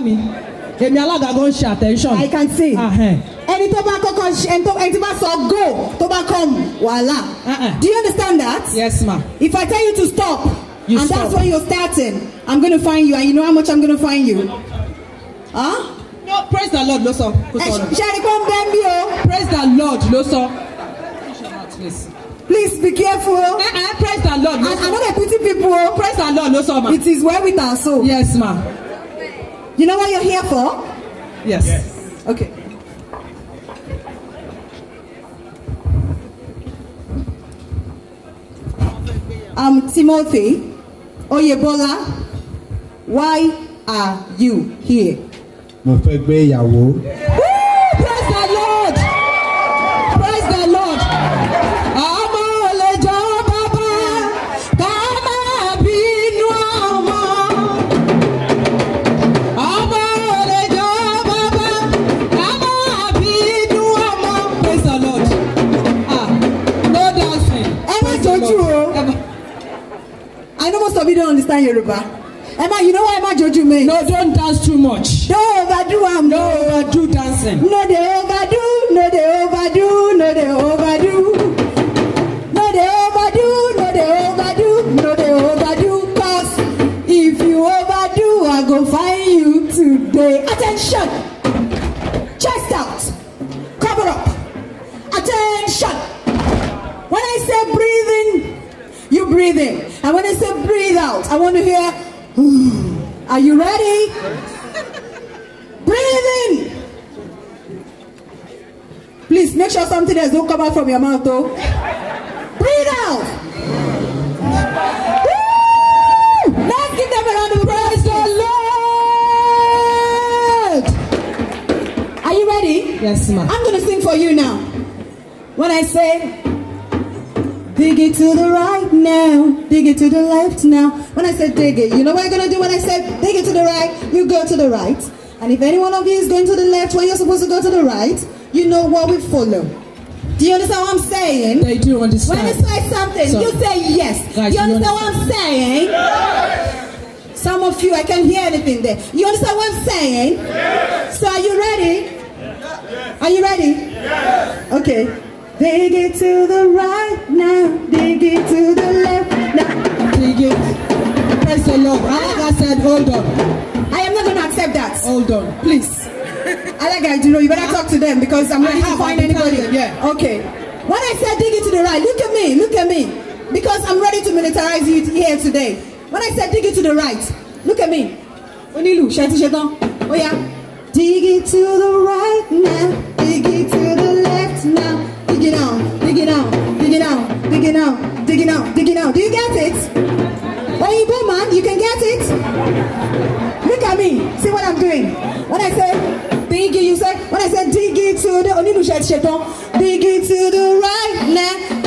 mi èmi alága gan ṣe attention. I can see. ẹni tó bá kọ́kọ́ ẹni tó ẹni tó bá sọ go tó bá come wàhálà. Do you understand that? Yes ma. If I tell you to stop you and stop. that's when you're starting I'm gonna find you and you know how much I'm gonna find you. Huh? No praise the Lord ló sọ. Ṣé ẹni kan bẹ́ẹ̀ bí o? Praise the Lord ló sọ. Please. Please be careful. Uh -uh, praise the Lord. No and, and not a pity people. Praise the Lord, no sir, ma. It is well with our soul. Yes, ma. You know what you're here for? Yes. yes. Okay. I'm um, Timothy Oyebola. Why are you here? Mo fẹ́ gbé ìyàwó. Yeah. Modern Yoruba. Emma, you know why Emma Joju me? No, don't dance too much. Don't overdo I'm. No overdo dancing. No, they overdo. No, they overdo. No, they overdo. No, they overdo. No, they overdo. No, they overdo. Cause if you overdo, I go find you today. Attention. Chest out. Cover up. Attention. When I say breathing. breathing. And when I say breathe out, I want to hear, are you ready? breathe in. Please make sure something else don't come out from your mouth though. breathe out. Let's give them a round of praise the Lord. Are you ready? Yes, ma'am. I'm going to sing for you now. When I say, Dig it to the right now, dig it to the left now. When I said dig it, you know what you're gonna do when I said dig it to the right? You go to the right. And if any one of you is going to the left when you're supposed to go to the right, you know what we follow. Do you understand what I'm saying? They do understand. When I say something, so, you say yes. Guys, you understand what I'm saying? Yes. Some of you, I can't hear anything there. You understand what I'm saying? Yes. So are you ready? Yes. Are you ready? Yes. Okay. Dig it to the right now, dig it to the left now. Dig it. Praise the Lord. Alaga said, hold on. I am not going to accept that. Hold on, please. Alaga, you know, you better talk to them because I'm not going to find anybody. Yeah. Okay. When I said dig it to the right, look at me, look at me. Because I'm ready to militarize you here today. When I said dig it to the right, look at me. Onilu, Oh yeah. Dig it to the right now. now. Do you get it? go, man, you can get it? Look at me. See what I'm doing. When I say diggy, you say, when I say diggy to the, diggy to the right now.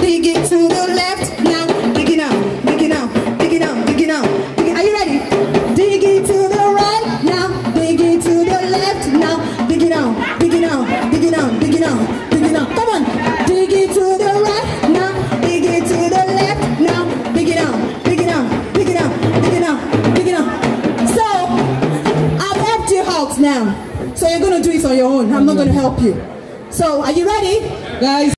now. So you're going to do it on your own. I'm not going to help you. So are you ready? Guys.